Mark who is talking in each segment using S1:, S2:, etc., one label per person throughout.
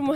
S1: il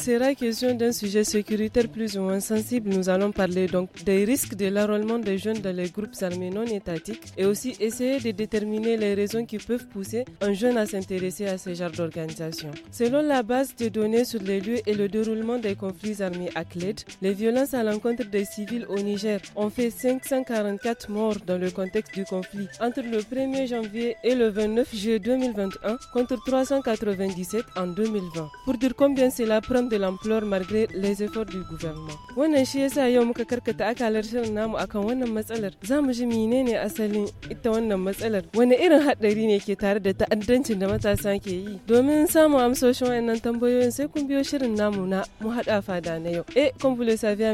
S1: sera question d'un sujet sécuritaire plus ou moins sensible. Nous allons parler donc des risques de l'enrôlement des jeunes dans les groupes armés non étatiques et aussi essayer de déterminer les raisons qui peuvent pousser un jeune à s'intéresser à ce genre d'organisation. Selon la base de données sur les lieux et le déroulement des conflits armés à CLED, les violences à l'encontre des civils au Niger ont fait 544 morts morts dans le contexte du conflit entre le 1er janvier et le 29 juillet 2021 contre 397 en 2020. Pour dire combien cela prend de l'ampleur malgré les efforts du gouvernement. Wannan shi yasa yau muka karkata akalar shirin namu akan wannan matsalar. Za mu ji menene asalin ita wannan matsalar. Wani irin haɗari ne ke tare da ta'addancin da matasa ke yi? Domin samun amsoshin wayannan tambayoyin sai kun biyo shirin namu na mu haɗa fada na yau. Et eh, comme vous le savez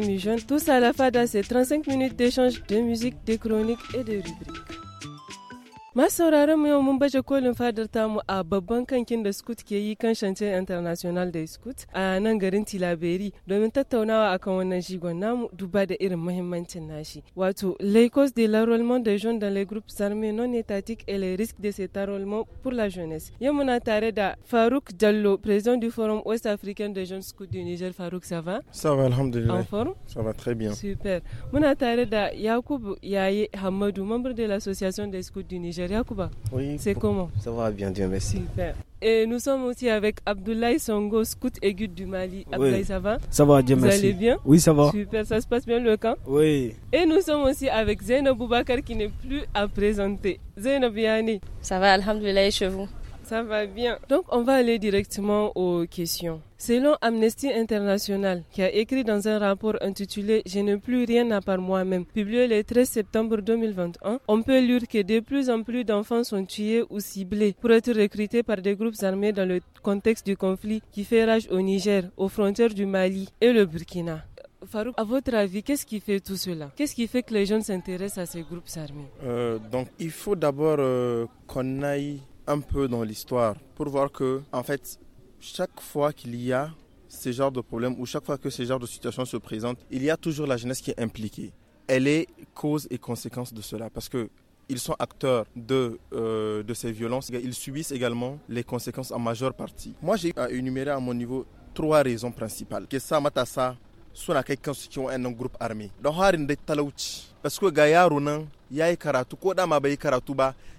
S1: tout ça à la fada c'est 35 minutes d'échange de musique, de chronique. Unique de rubriek sauraron mu yau mun baje kolin fadar tamu a babban kankin da scoot ke yi kan shancen international da scoot a nan garin tilaberi domin tattaunawa akan wannan shigon namu duba da irin muhimmancin nashi wato les causes de l'enrôlement des jeunes dans les groupes armés non étatiques et les risques de cet enrôlement pour la jeunesse yau muna tare da Farouk Diallo président du forum ouest africain des jeunes scouts du Niger Farouk ça va ça va alhamdulillah en forme ça va très bien super muna tare da Yakubu Yaye Hamadou membre de l'association des scouts du Niger oui, c'est comment
S2: Ça va bien, Dieu merci.
S1: Et nous sommes aussi avec Abdoulaye Songo, scout aigu du Mali. Abdoulaye, ça va Ça va, Dieu merci. Vous allez bien Oui, ça va. Super, ça se passe bien le camp Oui. Et nous sommes aussi avec Zainab Boubacar qui n'est plus à présenter. Zainab Ça va, Alhamdulillah, chez vous ça va bien. Donc, on va aller directement aux questions. Selon Amnesty International, qui a écrit dans un rapport intitulé Je n'ai plus rien à part moi-même, publié le 13 septembre 2021, on peut lire que de plus en plus d'enfants sont tués ou ciblés pour être recrutés par des groupes armés dans le contexte du conflit qui fait rage au Niger, aux frontières du Mali et le Burkina. Farouk, à votre avis, qu'est-ce qui fait tout cela Qu'est-ce qui fait que les jeunes s'intéressent à ces groupes armés
S3: euh, Donc, il faut d'abord euh, qu'on aille un peu dans l'histoire pour voir que, en fait, chaque fois qu'il y a ce genre de problème ou chaque fois que ce genre de situation se présente, il y a toujours la jeunesse qui est impliquée. Elle est cause et conséquence de cela parce que ils sont acteurs de, euh, de ces violences. Ils subissent également les conséquences en majeure partie. Moi, j'ai énuméré à mon niveau trois raisons principales. Que ça, matassa, soit la quelqu'un qui ont un groupe armé. Parce que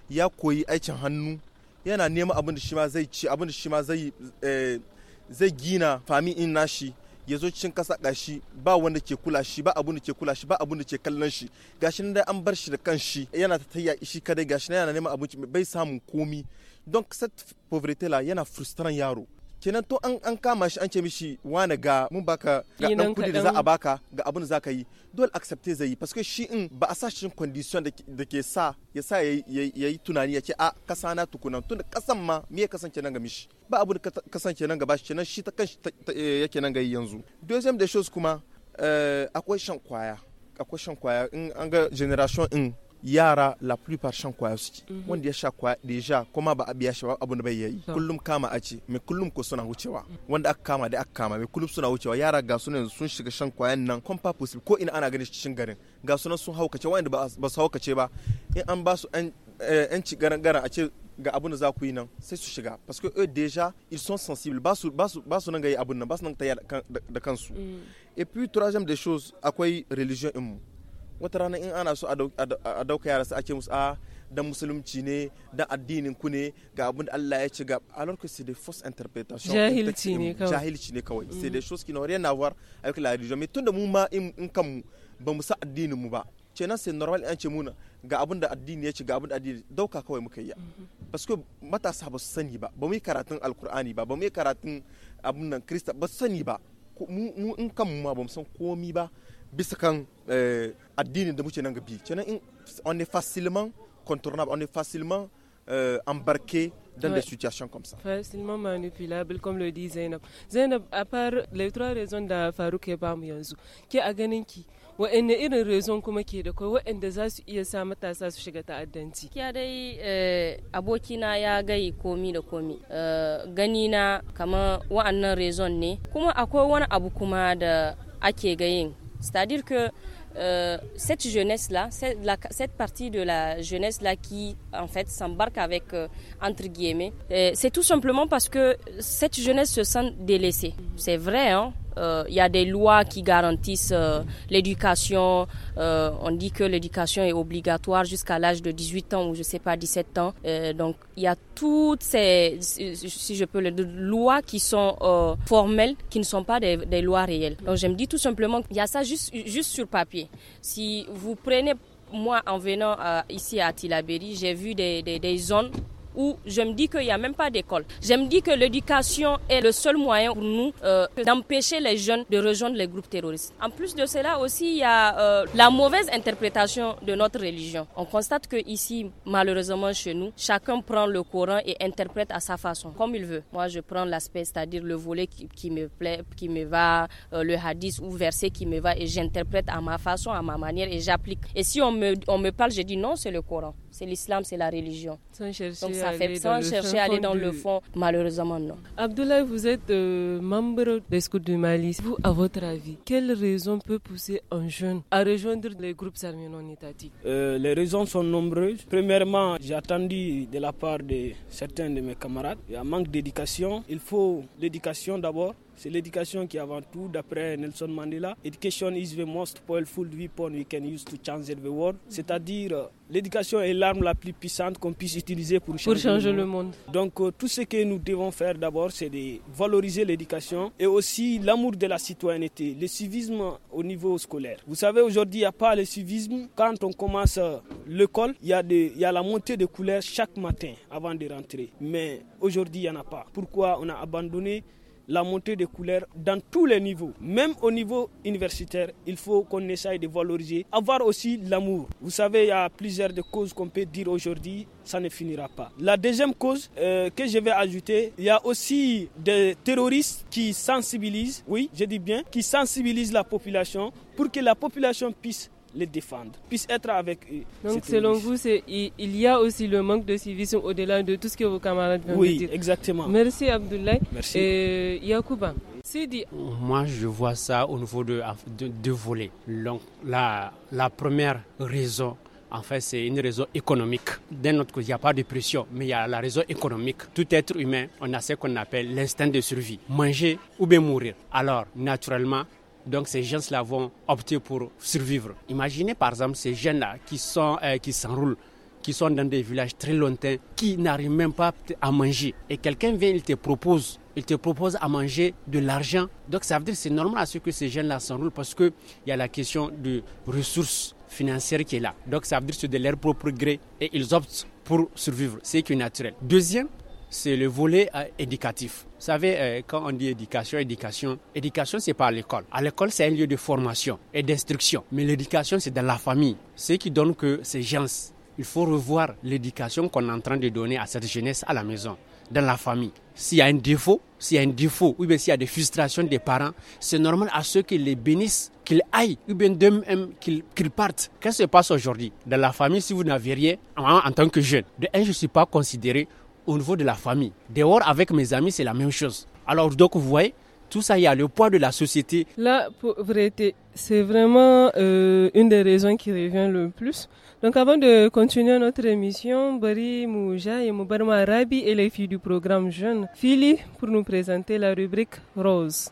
S3: ya yana nema abin da shi ma zai ci abin da shi ma zai eh, zai gina fami in nashi ya zo cikin kasa gashi ba wanda ke kula shi ba abun da ke kula shi ba abun da ke kallon shi gashi nan dai an bar shi da kan kanshi yana ta tayya shi kadai gashi nan yana neman abinci bai samun komi don cette pauvreté yana frustran yaro kenan to an an kama shi an ce mishi wane ga mun baka ga dan kudi da za a baka ga abin da za ka yi dole accepte zai yi parce que shi in ba a sa shi condition da ke sa ya sa ya yi tunani ya ce a kasa na tukunan tun da kasan ma me ya kasance nan ga mishi ba abu da kasance nan ga bashi kenan shi ta kan eh, yake nan ga yi yanzu deuxième des choses kuma eh, akwai shan kwaya akwai shan kwaya in an ga generation in yara la plupart shan kwaya suke mhm. wanda ya sha kwaya deja kuma ba a biya shi ba abin da bai yayi kullum kama a ce mai kullum ko suna wucewa mm. wanda aka kama da aka kama mai kullum suna wucewa yara ga sunan sun shiga shan kwayan nan kwamfa possible ko ina ana ganin cikin garin ga sunan sun haukace wanda ba su haukace ba in an ba su eh, yan ci garan garan a ce ga abun da za ku yi nan sai su shiga parce que eux déjà ils sont sensibles ba su nan ga yi abin nan ba su nan ta da kansu mm. et puis troisième des choses akwai religion in mu wata rana in ana so a dauka yara su ake musu a ah, dan musulunci ne dan addinin ku ne ga abin da Allah ya ci ga alors que c'est des fausses interprétations jahilci ne kawai jahilci ne kawai c'est des choses qui n'ont rien à voir avec la religion mais tunda mu ma in kanmu ba mu sa addinin mu ba kenan sai normal an ce muna ga abin da addini ya ci ga abin da addini dauka kawai muka yi mm-hmm. parce que matasa ba su sani ba ba mu yi karatun alkur'ani ba ba mu yi karatun abin nan krista ba su sani ba mu in kanmu ma ba mu san komi ba bisa kan eh, addini da muke nan gabi kenan in on est facilement contournable on est facilement euh, embarqué dans ouais. des situations comme ça.
S1: Facilement manipulable, comme le dit Zainab. Zainab, à part les trois raisons de Farouk et Bam yanzu, qui a ganin ki wa'anne irin raison kuma ke da kai wa'anda za su iya sa matasa su shiga ta'addanci?
S4: Kiya dai eh, abokina ya gai komi da komi. Uh, eh, gani na kamar wa'annan raison ne. Kuma akwai wani abu kuma da ake gayin C'est-à-dire que euh, cette jeunesse-là, cette, cette, partie de la jeunesse-là qui, en fait, s'embarque avec, euh, entre guillemets, euh, c'est tout simplement parce que cette jeunesse se sent délaissée. C'est vrai, hein il y a des lois qui garantissent l'éducation. on dit que l'éducation est obligatoire jusqu'à l'âge de 18 ans ou je sais pas 17 ans. donc il y a toutes ces, si je peux lois qui sont formelles, qui ne sont pas des, lois réelles. Donc je me dis tout simplement qu'il y a ça juste, juste sur papier. Si vous prenez, moi en venant euh, ici à Tilaberi, j'ai vu des zones où je me dis qu'il n'y a même pas d'école. Je me dis que l'éducation est le seul moyen pour nous euh, d'empêcher les jeunes de rejoindre les groupes terroristes. En plus de cela aussi, il y a euh, la mauvaise interprétation de notre religion. On constate que ici, malheureusement chez nous, chacun prend le Coran et interprète à sa façon, comme il veut. Moi, je prends l'aspect, c'est-à-dire le volet qui, qui, me plaît, qui me va, euh, le hadith ou verset qui me va, et j'interprète à ma façon, à ma manière, et j'applique. Et si on me, on me parle, je dis non, c'est le Coran, c'est l'islam, c'est la religion ça fait sans chercher à aller dans le fond. Malheureusement, non. Abdoulaye,
S1: vous êtes euh, membre des scouts du Mali. Vous, à votre avis, quelles raisons peut pousser un jeune à rejoindre les groupes armés non étatiques
S5: euh, Les raisons sont nombreuses. Premièrement, j'ai attendu de la part de certains de mes camarades il y a un manque d'éducation. Il faut l'éducation d'abord c'est l'éducation qui avant tout, d'après Nelson Mandela, Education is the most powerful weapon we can use to change the world. C'est-à-dire, euh, l'éducation est l'arme la plus puissante qu'on puisse utiliser pour changer, le, monde. Donc, euh, tout ce que nous devons faire d'abord, c'est de valoriser l'éducation et aussi l'amour de la citoyenneté, le civisme au niveau scolaire. Vous savez, aujourd'hui, il n'y a pas le civisme. Quand on commence euh, l'école, il y, a il y a la montée de couleurs chaque matin avant de rentrer. Mais aujourd'hui, il n'y en a pas. Pourquoi on a abandonné la montée des couleurs dans tous les niveaux. Même au niveau universitaire, il faut qu'on essaye de valoriser. Avoir aussi l'amour. Vous savez, il y a plusieurs de causes qu'on peut dire aujourd'hui, ça ne finira pas. La deuxième cause euh, que je vais ajouter, il y a aussi des terroristes qui sensibilisent, oui, je dis bien, qui sensibilisent la population pour que la population puisse les défendre, puissent être avec eux. Donc selon vous,
S1: il y a aussi le manque de civisme au-delà de tout ce que vos camarades viennent dire. Oui, exactement. Merci Abdoulaye. Merci. Et Yacouba. Dit.
S6: Moi, je vois ça au niveau de deux de volets. Donc, la, la première raison, en fait, c'est une raison économique. D'un autre côté, il n'y a pas de pression, mais il y a la raison économique. Tout être humain, on a ce qu'on appelle l'instinct de survie. Manger ou bien mourir. Alors, naturellement, donc ces gens-là vont opter pour survivre. Imaginez par exemple ces jeunes-là qui sont euh, qui s'enroulent, qui sont dans des villages très lointains, qui n'arrivent même pas à manger. Et quelqu'un vient, il te propose, il te propose à manger de l'argent. Donc ça veut dire que c'est normal à ce que ces jeunes-là s'enroulent parce qu'il y a la question de ressources financières qui est là. Donc ça veut dire que c'est de leur propre gré et ils optent pour survivre, C'est qui naturel. Deuxième, c'est le volet euh, éducatif. Vous savez, euh, quand on dit éducation, éducation, éducation, c'est à l'école. À l'école, c'est un lieu de formation et d'instruction. Mais l'éducation, c'est dans la famille. Ce qui donne que ces gens, il faut revoir l'éducation qu'on est en train de donner à cette jeunesse à la maison, dans la famille. S'il y a un défaut, s'il y a un défaut, ou bien s'il y a des frustrations des parents, c'est normal à ceux qui les bénissent, qu'ils aillent, ou bien d'eux-mêmes qu'ils partent. Qu'est-ce qui se passe aujourd'hui Dans la famille, si vous n'avez rien, en, tant que jeune, de un, je ne suis pas considéré au niveau de la famille. Dehors, avec mes amis, c'est la même chose. Alors, donc, vous voyez, tout ça, il y a le poids de la société.
S1: La pauvreté, c'est vraiment euh, une des raisons qui revient le plus. Donc avant de continuer notre émission, Bari Mouja et Moubarma Arabi et les filles du programme Jeune, Fili pour nous présenter la rubrique Rose.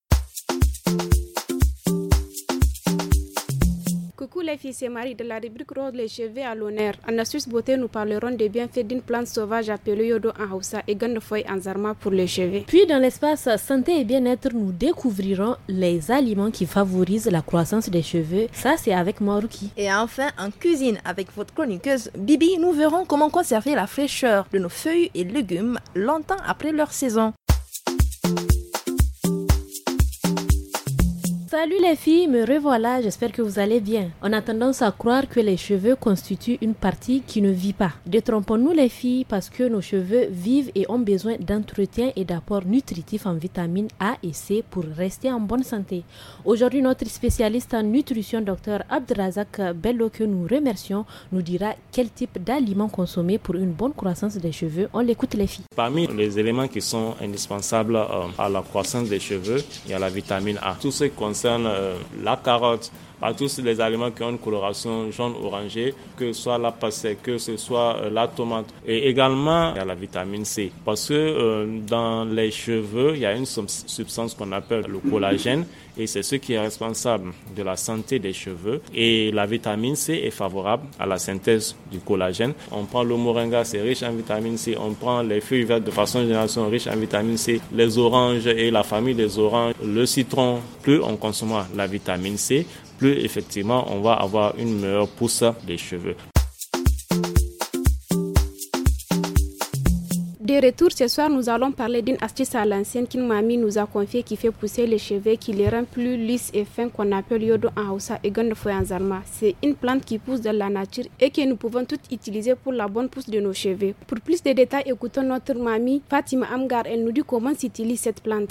S7: les filles, c'est Marie de la rubrique Rose les cheveux à l'honneur. En astuce beauté, nous parlerons des bienfaits d'une plante sauvage appelée Yodo en Hausa et Gandefoy en Zarma pour les cheveux. Puis dans l'espace santé et bien-être, nous découvrirons les aliments qui
S8: favorisent la croissance des cheveux. Ça, c'est avec Maruki. Et enfin, en cuisine, avec votre chroniqueuse Bibi, nous verrons comment conserver la fraîcheur de nos feuilles et légumes longtemps après leur saison.
S7: Salut les filles, me revoilà, j'espère que vous allez bien. On a tendance à croire que les cheveux constituent une partie qui ne vit pas. Détrompons-nous les filles parce que nos cheveux vivent et ont besoin d'entretien et d'apport nutritif en vitamines A et C pour rester en bonne santé. Aujourd'hui, notre spécialiste en nutrition, Dr Abdrazak Bello, que nous remercions, nous dira quel type d'aliments consommer pour une bonne croissance des cheveux. On l'écoute les filles.
S6: Parmi les éléments qui sont indispensables euh, à la croissance des cheveux, il y a la vitamine A. Euh, la carotte, à tous les aliments qui ont une coloration jaune orangée, que ce soit la pastèque, que ce soit euh, la tomate. Et également, il y a la vitamine C. Parce que euh, dans les cheveux, il y a une substance qu'on appelle le collagène et c'est ce qui est responsable de la santé des cheveux. Et la vitamine C est favorable à la synthèse du collagène. On prend le moringa, c'est riche en vitamine C. On prend les feuilles vertes de façon générale, sont riches en vitamine C. Les oranges et la famille des oranges, le citron. Plus on consomme la vitamine C, plus effectivement on va avoir une meilleure pousse des cheveux.
S7: de retour ce soir, nous allons parler d'une astuce à l'ancienne qu'une mamie nous a confiée qui fait pousser les cheveux, qui les rend plus lisses et fins qu'on appelle yodo en Hausa et en C'est une plante qui pousse dans la nature et que nous pouvons toutes utiliser pour la bonne pousse de nos cheveux. Pour plus de détails, écoutons notre mamie Fatima Amgar. Elle nous dit comment s'utilise cette plante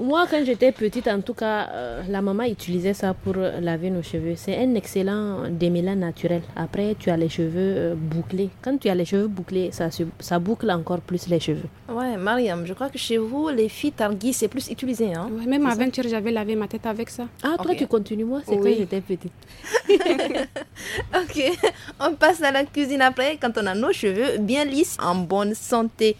S7: moi quand j'étais petite en tout cas euh, la maman utilisait ça pour euh, laver nos cheveux c'est un excellent démêlant naturel après tu as les cheveux euh, bouclés quand tu as les cheveux bouclés ça ça boucle encore plus les cheveux
S8: ouais Mariam je crois que chez vous les filles targis c'est plus utilisé hein même à 20 j'avais lavé ma tête avec ça ah toi tu continues moi c'est quand j'étais petite ok, on passe à la cuisine après quand on a nos cheveux bien lisses, en bonne santé.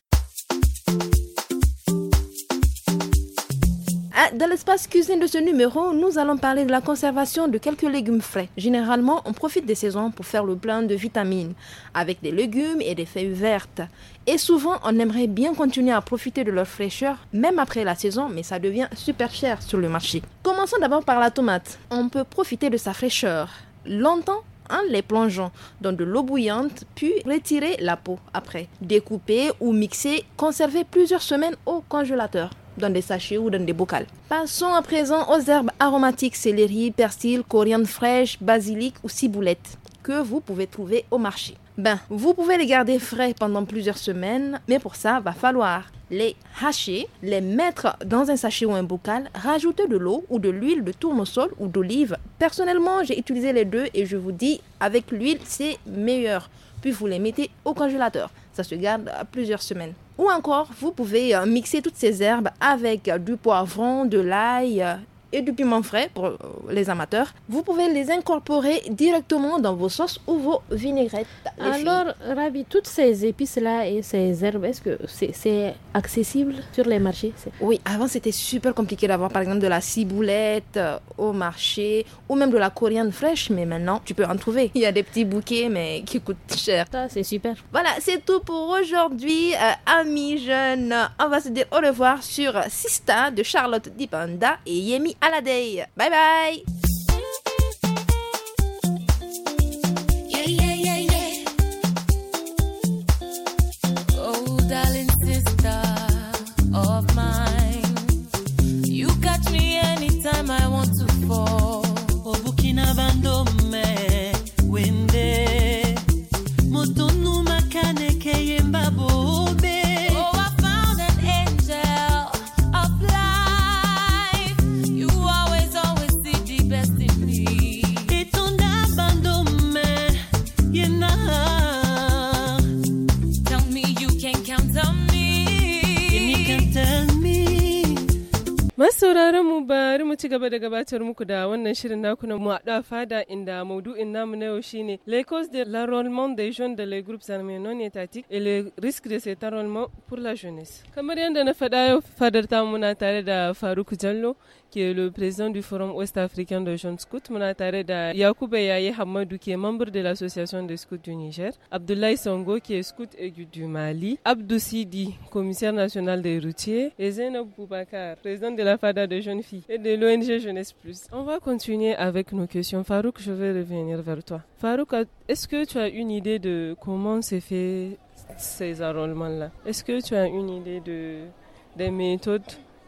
S8: Ah, dans l'espace cuisine de ce numéro, nous allons parler de la conservation de quelques légumes frais. Généralement, on profite des saisons pour faire le plein de vitamines, avec des légumes et des feuilles vertes. Et souvent, on aimerait bien continuer à profiter de leur fraîcheur, même après la saison, mais ça devient super cher sur le marché. Commençons d'abord par la tomate. On peut profiter de sa fraîcheur longtemps en les plongeant dans de l'eau bouillante, puis retirer la peau après. Découper ou mixer, conserver plusieurs semaines au congélateur dans des sachets ou dans des bocaux. Passons à présent aux herbes aromatiques céleri, persil, coriandre fraîche, basilic ou ciboulette que vous pouvez trouver au marché. Ben, vous pouvez les garder frais pendant plusieurs semaines, mais pour ça, va falloir les hacher, les mettre dans un sachet ou un bocal, rajouter de l'eau ou de l'huile de tournesol ou d'olive. Personnellement, j'ai utilisé les deux et je vous dis, avec l'huile, c'est meilleur. Puis vous les mettez au congélateur. Ça se garde plusieurs semaines. Ou encore, vous pouvez euh, mixer toutes ces herbes avec du poivron, de l'ail et du piment frais pour euh, les amateurs. Vous pouvez les incorporer directement dans vos sauces ou vos vinaigrettes. Alors, ravi toutes ces épices-là et ces herbes, est-ce que c'est accessible sur les marchés Oui, avant c'était super compliqué d'avoir par exemple de la ciboulette euh, au marché ou même de la coriandre fraîche, mais maintenant tu peux en trouver. Il y a des petits bouquets, mais qui coûtent cher. Ça, c'est super. Voilà, c'est tout pour aujourd'hui, euh, amis jeunes. On va se dire au revoir sur Sista de Charlotte Dipanda et Yemi à la day. Bye bye
S1: gaba da gabatar muku da wannan shirin naku na muwaɗa fada inda maudu'in namu na yau shine les causes de l'enrôlement des jeunes de les groupes armés non étatiques et le risque de cet enrôlement pour la jeunesse. Kamar yadda na faɗa yau fadar tamu na tare da Faruk Jallo qui est le président du Forum Ouest Africain de Jeunes Scouts, da Yaye Hamadou, qui est membre de l'Association des Scouts du Niger, Abdoulaye Songo, qui est scout aigu du Mali, Abdou Sidi, commissaire national des routiers, et Zainab Boubacar, président de la FADA de Jeunes Filles et de l'ONG Jeunesse Plus. On va continuer avec nos questions. Farouk, je vais revenir vers toi. Farouk, est-ce que tu as une idée de comment se fait ces enrôlements-là Est-ce que tu as une idée de, des méthodes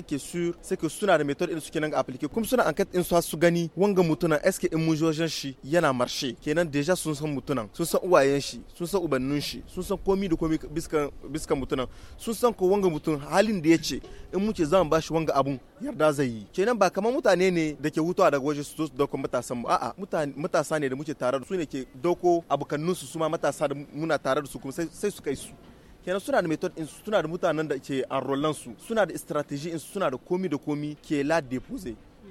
S3: qui est sûr c'est que suna da méthode su kenan ga aplike kuma suna enquête in su su gani wanga mutunan que in mujojin shi yana marché kenan deja sun san mutunan sun san uwayen shi sun san ubannin shi sun san komi da komi biskan mutunan sun san ko wanga mutun halin da ce in muke zan bashi wanga abun yarda zai yi kenan ba kamar mutane ne da ke hutawa daga waje su da kuma matasan mu a'a matasa ne da muke tare da su ne ke doko abokannin su suma ma matasa da muna tare da su kuma sai su kai su il suna da une in suna da mutanen da ke enrollan su suna da strategy in suna da komi da komi ke la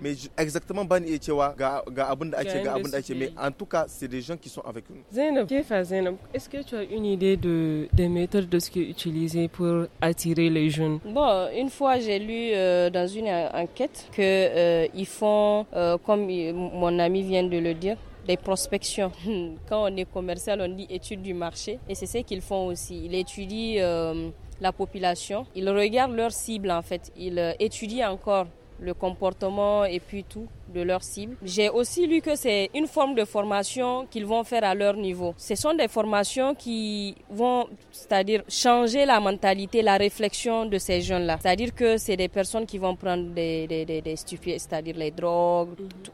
S3: mais exactement ban iya cewa ga ga abin da ake ga abin da ake mais en tout cas c'est des gens qui sont avec nous
S1: Zainab quest est-ce que tu as une idée de des méthodes de ce qui est utilisé pour attirer les jeunes
S4: Bon une fois j'ai lu euh, dans une euh, enquête que euh, ils font comme mon ami vient de le dire des prospections. Quand on est commercial, on dit étude du marché et c'est ce qu'ils font aussi. Ils étudient euh, la population, ils regardent leur cible en fait, ils euh, étudient encore le comportement et puis tout de leur cible. J'ai aussi lu que c'est une forme de formation qu'ils vont faire à leur niveau. Ce sont des formations qui vont, c'est-à-dire changer la mentalité, la réflexion de ces jeunes-là. C'est-à-dire que c'est des personnes qui vont prendre des, des, c'est-à-dire les drogues,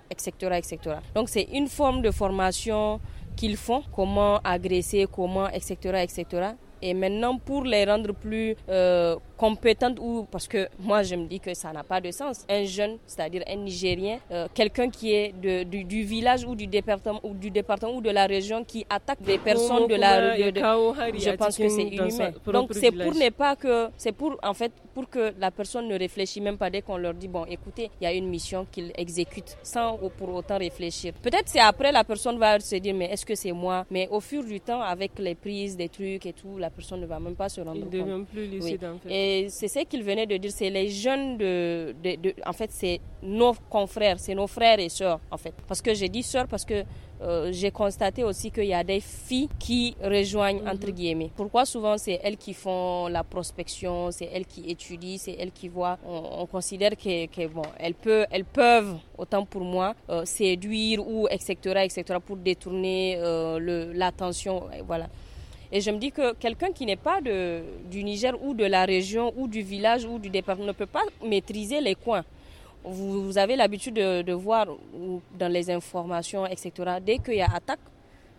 S4: etc., mhm. etc. Donc c'est une forme de formation qu'ils font, comment agresser, comment, etc., etc. Et maintenant, pour les rendre plus euh, compétentes, ou parce que moi je me dis que ça n'a pas de sens, un jeune, c'est-à-dire un Nigérien, euh, quelqu'un qui est de, du, village ou du département ou du département ou de la région qui attaque des personnes de la rue, je pense que c'est inhumain. Donc c'est pour ne pas que c'est pour en fait pour que la personne ne réfléchisse même pas dès qu'on leur dit bon écoutez il y a une mission qu'il exécute sans pour autant réfléchir. Peut-être c'est après la personne va se dire mais est-ce que c'est moi Mais au fur du temps avec les prises des trucs et tout la personne ne va même pas se rendre compte. Il devient plus lucide en fait. Et c'est ce qu'il venait de dire, c'est les jeunes de, en fait, c'est nos confrères, c'est nos frères et sœurs en fait. Parce que j'ai dit sœurs parce que euh, j'ai constaté aussi qu'il y a des filles qui rejoignent mhm. entre guillemets. Pourquoi souvent c'est elles qui font la prospection, c'est elles qui étudient, c'est elles qui voient. On, considère que, bon, elles peuvent, elles peuvent autant pour moi euh, séduire ou etc etc pour détourner euh, l'attention voilà. Et je me dis que quelqu'un qui n'est pas de, du Niger ou de la région ou du village ou du département ne peut pas maîtriser les coins. Vous, avez l'habitude de, voir dans les informations, etc. Dès qu'il y a attaque,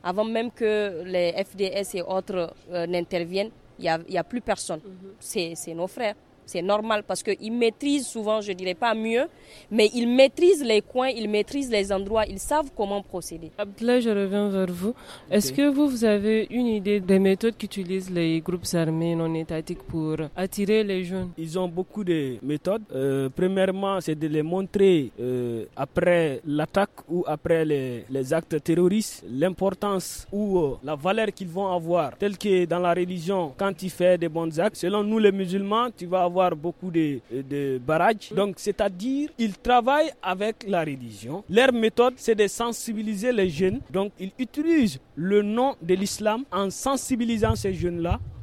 S4: avant même que les FDS et autres euh, n'interviennent, il n'y a, plus personne. Mhm. C'est nos frères. C'est normal parce qu'ils maîtrisent souvent, je dirais pas mieux, mais ils maîtrisent les coins, ils maîtrisent les endroits, ils savent comment procéder.
S1: Là, je reviens vers vous. Est-ce que vous, vous avez une idée des méthodes qu'utilisent les groupes armés non étatiques pour attirer
S5: les jeunes Ils ont beaucoup de méthodes. Euh, premièrement, c'est de les montrer euh, après l'attaque ou après les, actes terroristes, l'importance ou euh, la valeur qu'ils vont avoir, telle que dans la religion, quand ils font des bons actes, selon nous les musulmans, tu vas avoir beaucoup de, de barrages. Donc, c'est-à-dire, ils travaillent avec la religion. Leur méthode, c'est de sensibiliser les jeunes. Donc, ils utilisent le nom de l'islam en sensibilisant ces jeunes-là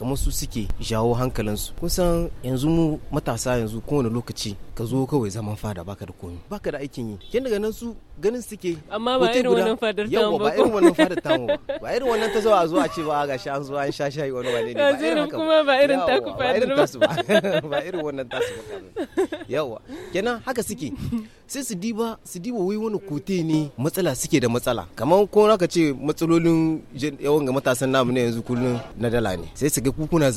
S2: kamar su suke jawo hankalinsu kun san yanzu mu matasa yanzu kowane lokaci ka zo kawai zaman fada baka da komi baka da aikin yi kin daga nan su ganin suke amma ba irin wannan fadar tamu ba irin wannan fadar tamu ba irin wannan ta zo a a ce ba ga sha an zuwa an sha shayi wani wane ne ba irin kuma ba irin ku fadar ba ba irin wannan su ba yawa kenan haka suke sai su diba su diba wai wani kote ne matsala suke da matsala kamar ko naka ce matsalolin yawan ga matasan namu ne yanzu kullun na dala ne sai su ga ku kuna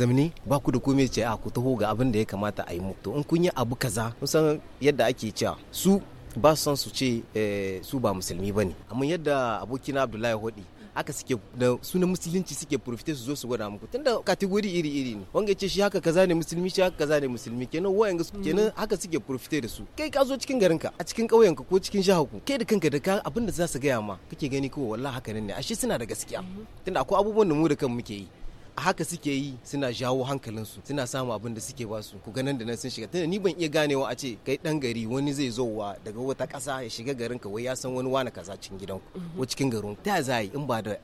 S2: ba ku da komai ce a ku taho ga abin da ya kamata a yi mu to in kun yi abu kaza kusan yadda ake cewa su ba su san su ce eh, su ba musulmi ba ne amma yadda abokina abdullahi hodi aka suke da sunan musulunci suke profite su zo su gwada muku tunda kategori iri iri ne wanga ce shi haka kaza ne musulmi shi haka kaza ne musulmi kenan wayan ga kenan haka suke profite da su kai ka zo cikin garinka a cikin ƙauyenka ko cikin shahaku kai da kanka da ka abin da za su gaya ma kake gani ko wallahi haka nan ne ashe suna da gaskiya tunda akwai abubuwan da mu da kan muke yi a haka suke yi suna jawo hankalinsu suna samu abin da suke ba su ku ganin da nan sun shiga tunda ni ban iya ganewa a ce kai dan gari wani zai zo wa daga wata ƙasa ya shiga garin ka wai ya san wani wani kaza cikin gidanku mhm. ko cikin garin ta zai in ba da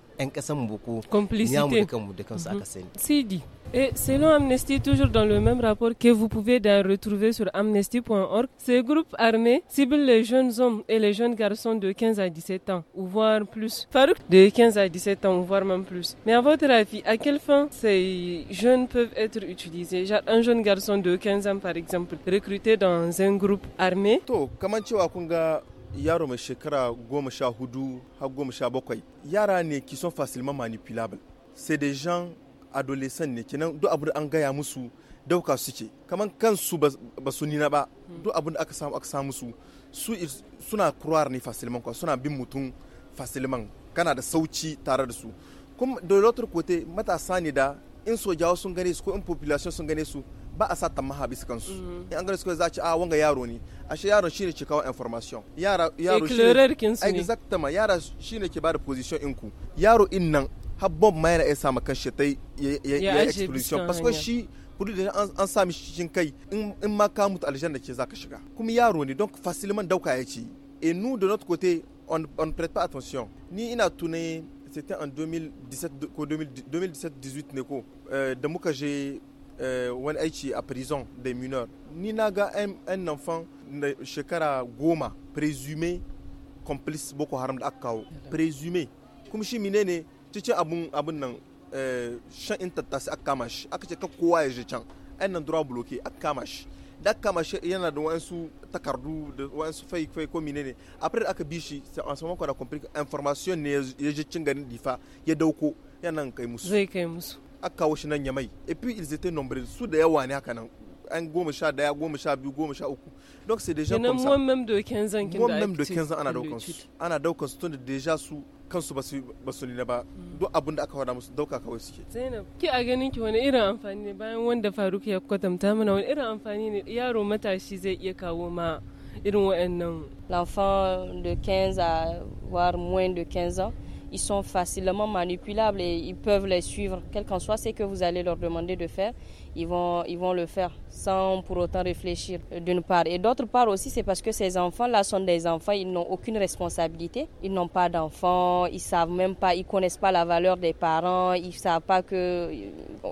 S2: Complicité.
S1: C'est dit. Mhm. Et selon Amnesty, toujours dans le même rapport que vous pouvez retrouver sur amnesty.org, ces groupes armés ciblent les jeunes hommes et les jeunes garçons de 15 à 17 ans, ou voire plus. Farouk, de 15 à 17 ans, ou voire même plus. Mais à votre avis, à quelle fin ces jeunes peuvent être utilisés un jeune garçon de 15 ans, par exemple, recruté
S3: dans un groupe armé yaro mai shekara goma sha hudu har goma sha bakwai yara ne ki son facilement manipulable sai da jean adolescent ne kenan duk abu da an gaya musu dauka suke kamar kansu ba su nina ba duk abin da aka samu aka samu su su suna kuruwar ne fasilman kwa suna bin mutum fasilman kana da sauci tare da su kuma da lotar kote matasa ne da in sojawa sun gane su ko in population sun gane su ba a sa maha bisa kansu mhm. in an gani suka za ci a ah, wanga yaro ne ashe yaro shine ke kawo information yara yaro shine exactly yara shine ke bada position inku yaro in nan habban ma yana iya sa ma kanshi ta ya exposition parce que shi kudu da an sa mishi cikin kai in ma ka mutu da ke za ka shiga kuma yaro ne donc facilement dauka ya ci et nous de notre côté on on prête pas attention ni ina tuné c'était en 2017 ko 2017 18 ne ko euh, da muka je eh, wani aiki a prison des mineurs ni na un enfant na shekara goma présumé complice boko haram da Akao, présumé. presume mine ne cikin abun abun nan eh, shan intatta sai aka kama aka ce kowa je can un nan bloqué bloke aka kama shi da aka kama shi yana da wayansu takardu da wayansu fai fai ko mine ne après aka en ce moment qu'on a compris complice information ne je cin garin difa ya dauko yana kai musu zai kai musu aka kawo shi nan ya mai puis ils étaient nombreux su da yawa ne haka nan an goma sha daya goma sha biyu goma sha uku donc c'est déjà comme ça même de 15 ans qui da même de 15 ans ana daukan su ana daukan su tun da déjà su kansu ba su ne ba mm. duk abin da aka faɗa musu dauka kawai suke zainab
S1: ki a ganin ki wani irin amfani ne bayan wanda faruk ya kwatanta mana wani irin amfani ne yaro matashi zai
S4: iya kawo ma irin wa'annan l'enfant de 15 à voire moins de 15 ans ils sont facilement manipulables et ils peuvent les suivre. Quel qu'en soit ce que vous allez leur demander de faire, ils vont, ils vont le faire sans pour autant réfléchir euh, d'une part. Et d'autre part aussi, c'est parce que ces enfants-là sont des enfants, ils n'ont aucune responsabilité. Ils n'ont pas d'enfants, ils savent même pas, ils connaissent pas la valeur des parents, ils savent pas que euh,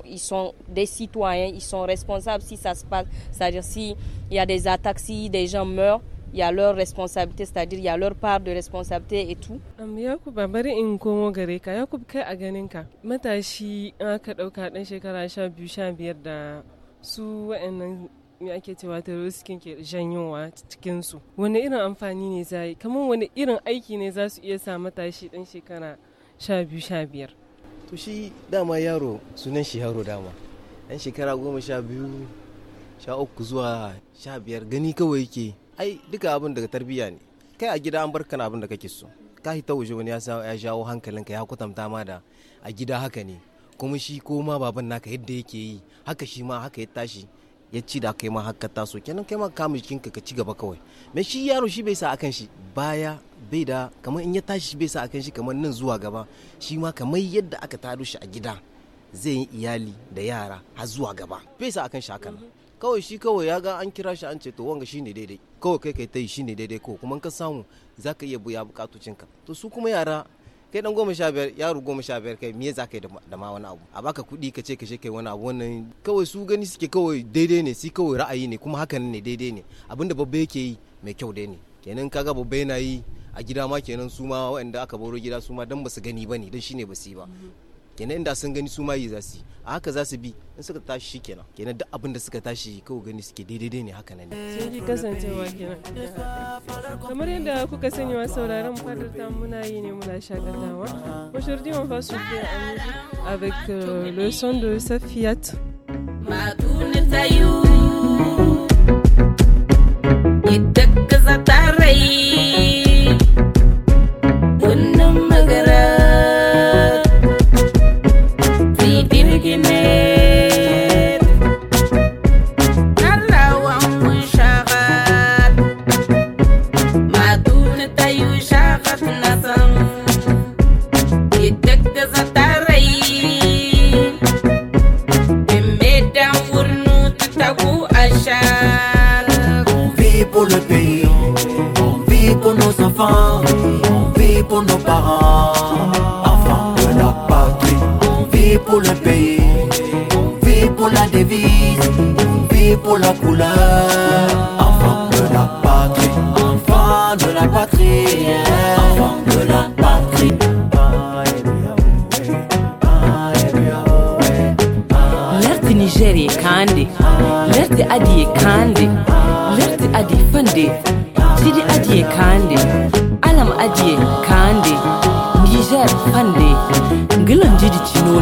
S4: ils sont des citoyens, ils sont responsables si ça se passe. C'est-à-dire s'il y a des attaques, si des gens meurent, y a leur responsabilité, c'est-à-dire il y a leur part de responsabilité et tout.
S1: Am ba bari in komo gare ka Yakub kai a ganin ka matashi an ka dauka dan shekara 12 15 da su wa'annan me ake cewa terrorist ke janyowa cikin su wani irin amfani ne za yi kamar wani irin aiki ne za su iya sa matashi dan shekara 12 15
S2: to shi dama yaro sunan shi yaro dama dan shekara 12 sha uku zuwa sha biyar gani kawai yake ai duka abin daga tarbiyya ne kai a gida an bar kana abin da kake so ka hita waje wani ya ya jawo hankalinka ya kwatanta ma da a gida haka ne kuma shi ko ma baban naka yadda yake yi haka shi ma haka ya tashi ya ci da kai ma haka taso kenan kai ma kama jikinka ka ci gaba kawai me shi yaro shi bai sa akan shi baya bai da kamar in ya tashi bai sa akan shi kamar nan zuwa gaba shi ma kamar yadda aka tado shi a gida zai yi iyali da yara har zuwa gaba bai sa akan shi haka kawai shi kawai ya ga an kira shi an ce to wanga ne daidai kawai kai kai ta yi shi ne daidai ko kuma ka samu za ka iya buya ka to su kuma yara kai dan goma sha biyar yaro goma sha biyar kai me za ka yi da ma wani abu a baka kuɗi ka ce ka kai wani abu wannan kawai su gani suke kawai daidai ne su kawai ra'ayi ne kuma hakan ne daidai ne abinda babba yake yi mai kyau dai ne kenan kaga babba yana yi a gida ma kenan su ma waɗanda aka baro gida su ma dan ba su gani ba ne dan shine ba su yi ba kenan da sun gani su ma yi za su a haka za su bi in suka tashi shi kenan kenan duk abin da suka tashi kawai gani suke daidai ne haka nan ne eh,
S1: kasancewa kenan kamar yadda kuka sani wa sauraron fadar ta muna yi ne muna shakatawa aujourd'hui on va souffler avec euh, le son de Safiat
S4: Yidda ka za ta rai ngilanjidi chino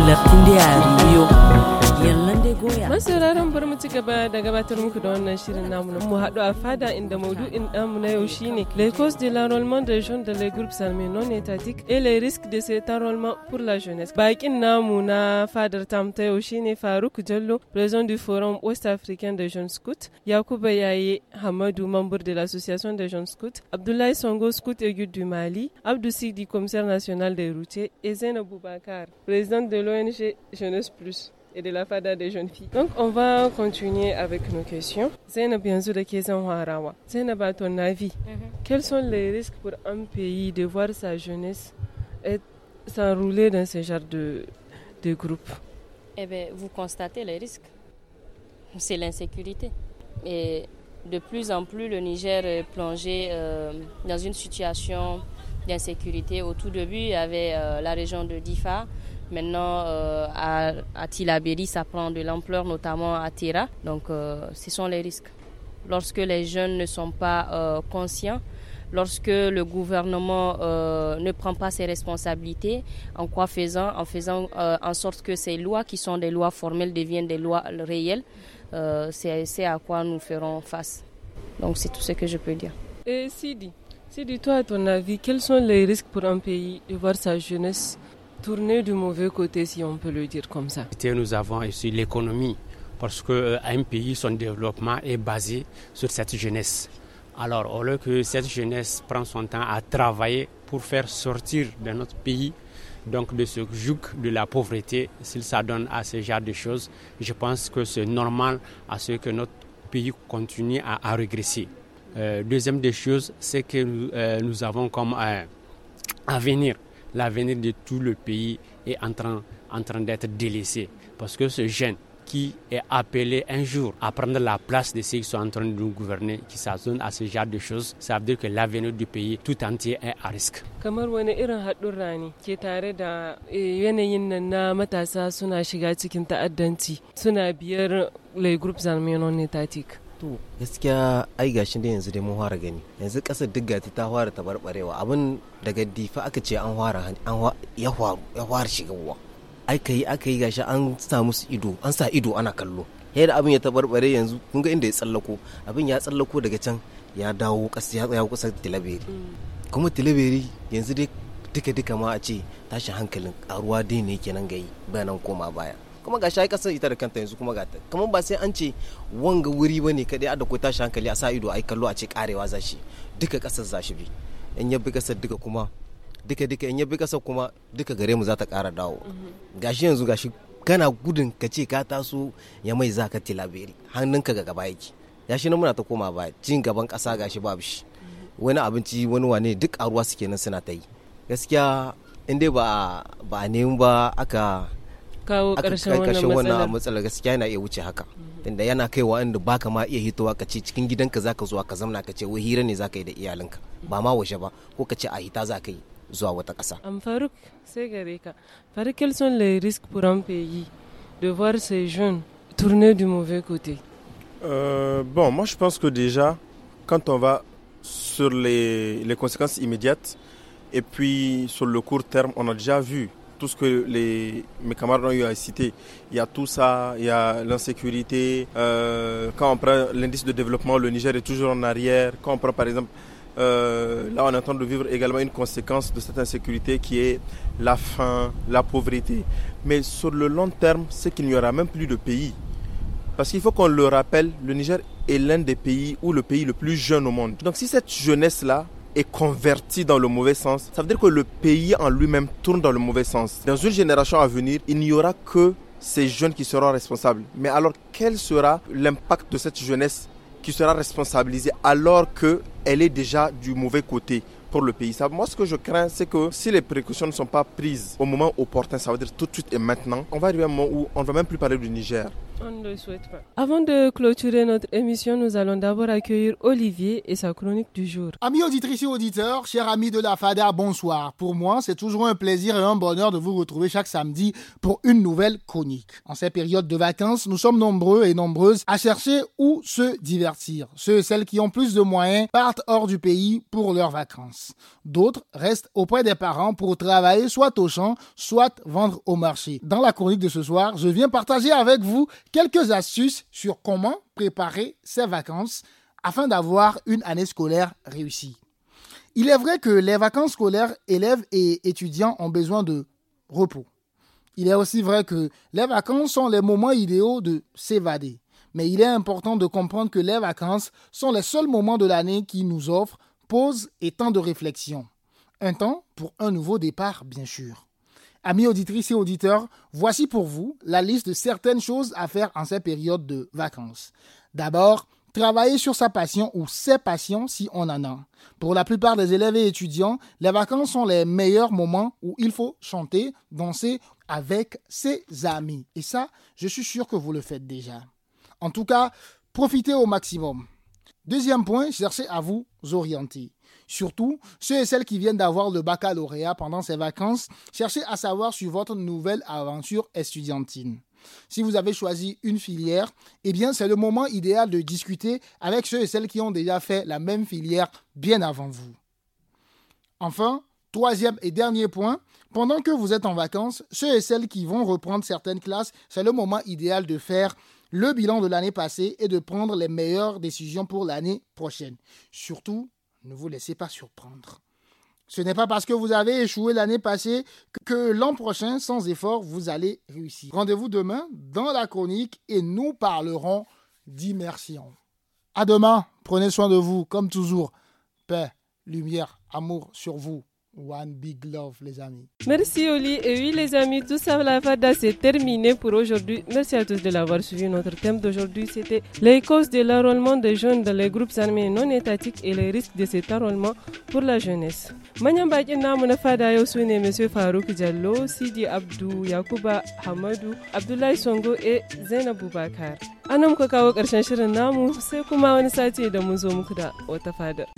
S4: the ariyo
S1: sauraron mu ci da gabatar muku da wannan shirin namu mu haɗu a fada inda maudu'in namu na yau shine les causes de l'enrôlement des jeunes dans les groupes armés non étatiques et les risques de cet enrôlement pour la jeunesse. Bakin namu na fadar tam ta yau Farouk Jallo, président du Forum Ouest-Africain des jeunes scouts, Yakuba Yaye Hamadou, membre de l'association des jeunes scouts, Abdoulaye Songo, scout aigu du Mali, Abdou Sidi, commissaire national des routiers, et Zainabou Bakar, président de l'ONG Jeunesse Plus et de la fada des jeunes filles. Donc, on va continuer avec nos questions. Zainab, bien sûr, Zainab, à ton avis, mhm. quels sont les risques pour un pays de voir sa jeunesse s'enrouler dans ce genre de, de groupe
S4: Eh bien, vous constatez les risques. C'est l'insécurité. Et de plus en plus, le Niger est plongé euh, dans une situation d'insécurité. Au tout début, il y avait euh, la région de Difa Maintenant, euh, à, à, Tilaberi, ça prend de l'ampleur, notamment à Tira. Donc, euh, ce sont les risques. Lorsque les jeunes ne sont pas euh, conscients, lorsque le gouvernement ne prend pas ses responsabilités, en quoi faisant En faisant en sorte que ces lois, qui sont des lois formelles, deviennent des lois réelles, c'est à quoi nous ferons face.
S6: Donc, c'est tout ce que
S4: je peux dire.
S1: Et Sidi, Sidi, toi, à ton avis, quels sont les risques pour un pays de voir sa jeunesse Tourner du mauvais côté, si on peut le dire comme ça.
S6: Nous avons ici l'économie, parce qu'un euh, pays, son développement est basé sur cette jeunesse. Alors, au lieu que cette jeunesse prend son temps à travailler pour faire sortir de notre pays donc de ce joug de la pauvreté, s'il s'adonne à ce genre de choses, je pense que c'est normal à ce que notre pays continue à, régresser. Euh, deuxième des choses, c'est que nous euh, avons comme un avenir l'avenir de tout le pays est en train, d'être délaissé. Parce que ce jeune qui est appelé un jour à prendre la place de ceux qui sont en train de nous gouverner, qui s'assonne à ce genre de choses, ça veut dire que l'avenir du pays tout entier est à risque.
S1: da eh, matasa groupes non
S2: to gaskiya ai gashi da yanzu dai mun fara gani yanzu kasar duk gati ta fara tabarbarewa abin daga difa aka ce an fara an ya faru ya fara shigarwa ai kai aka yi gashi an sa musu ido an sa ido ana kallo yadda abin ya tabarbare yanzu kun ga inda ya tsallako abin ya tsallako daga can ya dawo kasa ya tsaya kusa tilaberi mm. kuma tilaberi yanzu dai duka-duka ma a ce tashin hankalin karuwa dai ne kenan yi bayanan koma baya kuma ga shayi kasar ita da kanta yanzu kuma ga kamar ba sai an ce wanga wuri ne kadai a da ko tashi hankali a sa ido yi kallo a ce karewa za shi duka kasar za shi bi in ya kasar duka kuma duka duka in ya kasar kuma duka gare mu za ta kara dawo mm-hmm. gashi yanzu gashi kana gudun ka ce ka taso ya mai za ka tilaberi hannunka ga gaba yake ya shi muna ta koma ba cin gaban kasa gashi babu shi mm-hmm. wani abinci wani wane duk a ruwa suke nan suna ta yi gaskiya in dai ba a nemi ba aka kawo ƙarshen wannan matsala gaskiya yana iya wuce haka tunda yana kaiwa inda baka ma iya hitowa ka ce cikin gidanka zaka zuwa ka zamna ka ce wai hira ne zaka yi da iyalinka ba ma waje ba ko ka ce a hita zaka yi zuwa wata ƙasa.
S1: Am Faruk sai gare ka. Faruk quels le les pour un pays de voir ces jeunes tourner du mauvais côté
S3: euh, Bon, moi je pense que déjà quand on va sur les, les conséquences immédiates et puis sur le court terme, on a déjà vu tout ce que les, mes camarades ont eu à citer. Il y a tout ça, il y a l'insécurité. Euh, quand on prend l'indice de développement, le Niger est toujours en arrière. Quand on prend par exemple, euh, là on est en train de vivre également une conséquence de cette insécurité qui est la faim, la pauvreté. Mais sur le long terme, c'est qu'il n'y aura même plus de pays. Parce qu'il faut qu'on le rappelle, le Niger est l'un des pays où le pays le plus jeune au monde. Donc si cette jeunesse-là est converti dans le mauvais sens, ça veut dire que le pays en lui-même tourne dans le mauvais sens. Dans une génération à venir, il n'y aura que ces jeunes qui seront responsables. Mais alors, quel sera l'impact de cette jeunesse qui sera responsabilisée alors qu'elle est déjà du mauvais côté pour le pays. Ça, moi, ce que je crains, c'est que si les précautions ne sont pas prises au moment opportun, ça veut dire tout de suite et maintenant, on va arriver à un moment où on ne va même plus parler du Niger.
S1: On ne le souhaite pas. Avant de clôturer notre émission, nous allons d'abord accueillir
S9: Olivier et sa
S1: chronique du jour.
S9: Amis auditrices et auditeurs, chers amis de la FADA, bonsoir. Pour moi, c'est toujours un plaisir et un bonheur de vous retrouver chaque samedi pour une nouvelle chronique. En cette période de vacances, nous sommes nombreux et nombreuses à chercher où se divertir. Ceux et celles qui ont plus de moyens partent hors du pays pour leurs vacances. D'autres restent auprès des parents pour travailler soit au champ, soit vendre au marché. Dans la chronique de ce soir, je viens partager avec vous quelques astuces sur comment préparer ses vacances afin d'avoir une année scolaire réussie. Il est vrai que les vacances scolaires, élèves et étudiants ont besoin de repos. Il est aussi vrai que les vacances sont les moments idéaux de s'évader. Mais il est important de comprendre que les vacances sont les seuls moments de l'année qui nous offrent pause et temps de réflexion. Un temps pour un nouveau départ, bien sûr. Amis auditrices et auditeurs, voici pour vous la liste de certaines choses à faire en cette période de vacances. D'abord, travailler sur sa passion ou ses passions si on en a. Pour la plupart des élèves et étudiants, les vacances sont les meilleurs moments où il faut chanter, danser avec ses amis. Et ça, je suis sûr que vous le faites déjà. En tout cas, profitez au maximum. Deuxième point, cherchez à vous orienter. Surtout, ceux et celles qui viennent d'avoir le baccalauréat pendant ces vacances, cherchez à savoir sur votre nouvelle aventure estudiantine. Si vous avez choisi une filière, eh bien c'est le moment idéal de discuter avec ceux et celles qui ont déjà fait la même filière bien avant vous. Enfin, troisième et dernier point, pendant que vous êtes en vacances, ceux et celles qui vont reprendre certaines classes, c'est le moment idéal de faire le bilan de l'année passée et de prendre les meilleures décisions pour l'année prochaine. Surtout, ne vous laissez pas surprendre. Ce n'est pas parce que vous avez échoué l'année passée que l'an prochain, sans effort, vous allez réussir. Rendez-vous demain dans la chronique et nous parlerons d'immersion. À demain, prenez soin de vous, comme toujours. Paix, lumière, amour sur vous. One big love, les amis. Merci, Oli. Et
S1: oui, les amis, tout ça, la fada, c'est terminé pour aujourd'hui. Merci à tous de l'avoir suivi. Notre thème d'aujourd'hui, c'était les causes de l'enrôlement des jeunes dans les groupes armés non étatiques et les risques de cet enrôlement pour la jeunesse. Manyamba bakin mon na fada yau su Monsieur Farouk Diallo, Sidi Abdou, Yakuba Hamadou, Abdoulaye Songo et Zainabou Bakar. Anam muka kawo ƙarshen shirin namu sai kuma wani sati da mun zo muku da wata